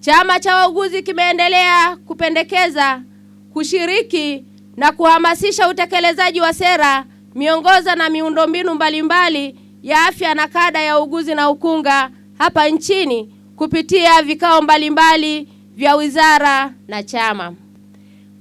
Chama cha wauguzi kimeendelea kupendekeza, kushiriki na kuhamasisha utekelezaji wa sera, miongozo na miundombinu mbalimbali ya afya na kada ya uuguzi na ukunga hapa nchini kupitia vikao mbalimbali vya wizara na chama.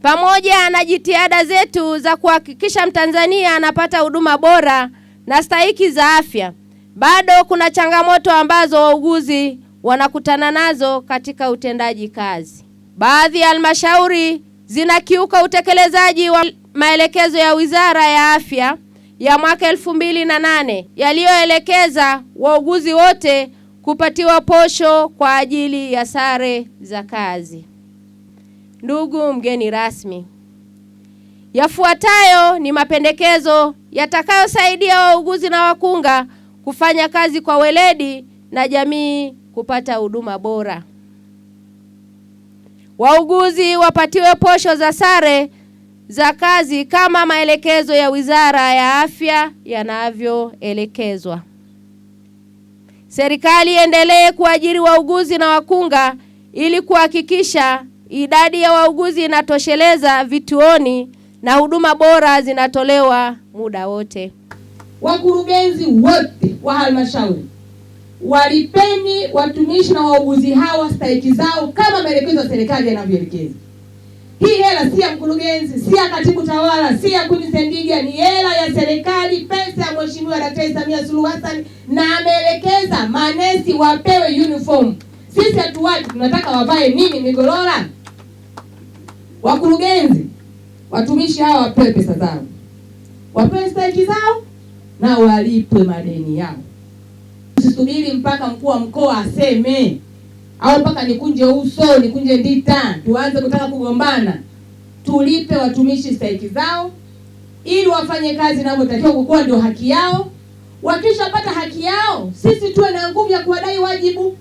Pamoja na jitihada zetu za kuhakikisha Mtanzania anapata huduma bora na stahiki za afya, bado kuna changamoto ambazo wauguzi wanakutana nazo katika utendaji kazi. Baadhi ya halmashauri zinakiuka utekelezaji wa maelekezo ya Wizara ya Afya ya mwaka elfu mbili na nane yaliyoelekeza wauguzi wote kupatiwa posho kwa ajili ya sare za kazi. Ndugu mgeni rasmi, yafuatayo ni mapendekezo yatakayosaidia wauguzi na wakunga kufanya kazi kwa weledi na jamii kupata huduma bora. Wauguzi wapatiwe posho za sare za kazi kama maelekezo ya Wizara ya Afya yanavyoelekezwa. Serikali iendelee kuajiri wauguzi na wakunga ili kuhakikisha idadi ya wauguzi inatosheleza vituoni na huduma bora zinatolewa muda wote. Wakurugenzi wote wa halmashauri walipeni watumishi na wauguzi hawa stahiki zao kama maelekezo ya serikali yanavyoelekeza. Hii hela si ya mkurugenzi, si ya katibu tawala, si ya kundi ni hela ya serikali, pesa ya Mheshimiwa Daktari Samia Suluhu Hassan, na ameelekeza manesi wapewe uniform. Sisi hatuwatu tunataka wavae nini? migorora Wakurugenzi, watumishi hawa wapewe pesa zao, wapewe stahiki zao na walipwe madeni yao msisubiri mpaka mkuu wa mkoa aseme au mpaka nikunje uso nikunje ndita tuanze kutaka kugombana. Tulipe watumishi stahiki zao ili wafanye kazi inavyotakiwa, kukuwa ndio haki yao. Wakishapata haki yao, sisi tuwe na nguvu ya kuwadai wajibu.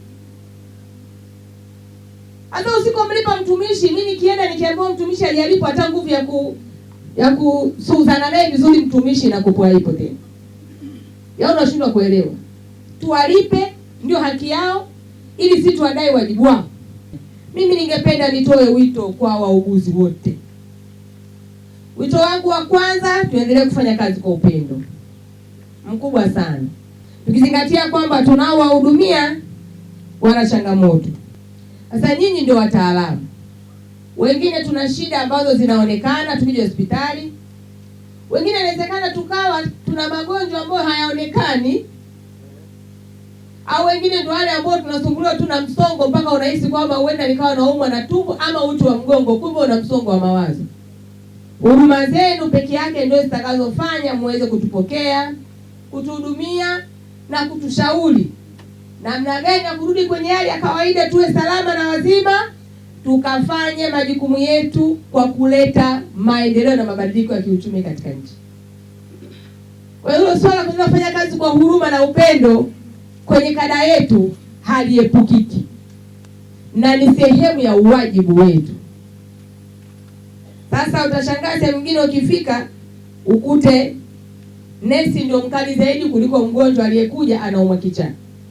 Hata usikomlipa mtumishi, mimi nikienda nikiambiwa mtumishi hajalipo, hata nguvu ya ku ya kusuzana naye vizuri mtumishi na kupoa ipo tena, yaani unashindwa kuelewa tuwalipe, ndio haki yao, ili si tuwadai wajibu wao. Mimi ningependa nitoe wito kwa wauguzi wote. Wito wangu wa kwanza, tuendelee kufanya kazi kwa upendo mkubwa sana, tukizingatia kwamba tunaowahudumia wana changamoto. Sasa nyinyi ndio wataalamu, wengine tuna shida ambazo zinaonekana tukija hospitali, wengine inawezekana tukawa tuna magonjwa ambayo hayaonekani au wengine ndio wale ambao tunasumbuliwa tu na msongo mpaka unahisi kwamba huenda nikawa naumwa na tumbo ama uti wa mgongo, kumbe una msongo wa mawazo. Huruma zenu peke yake ndio zitakazofanya muweze kutupokea, kutuhudumia na kutushauri namna gani ya kurudi kwenye hali ya kawaida, tuwe salama na wazima, tukafanye majukumu yetu kwa kuleta maendeleo na mabadiliko ya kiuchumi katika nchi. Kwa hiyo swala kufanya kazi kwa huruma na upendo kwenye kada yetu haliepukiki na ni sehemu ya uwajibu wetu. Sasa utashangaa sehemu nyingine ukifika ukute nesi ndio mkali zaidi kuliko mgonjwa aliyekuja anaumwa kichana.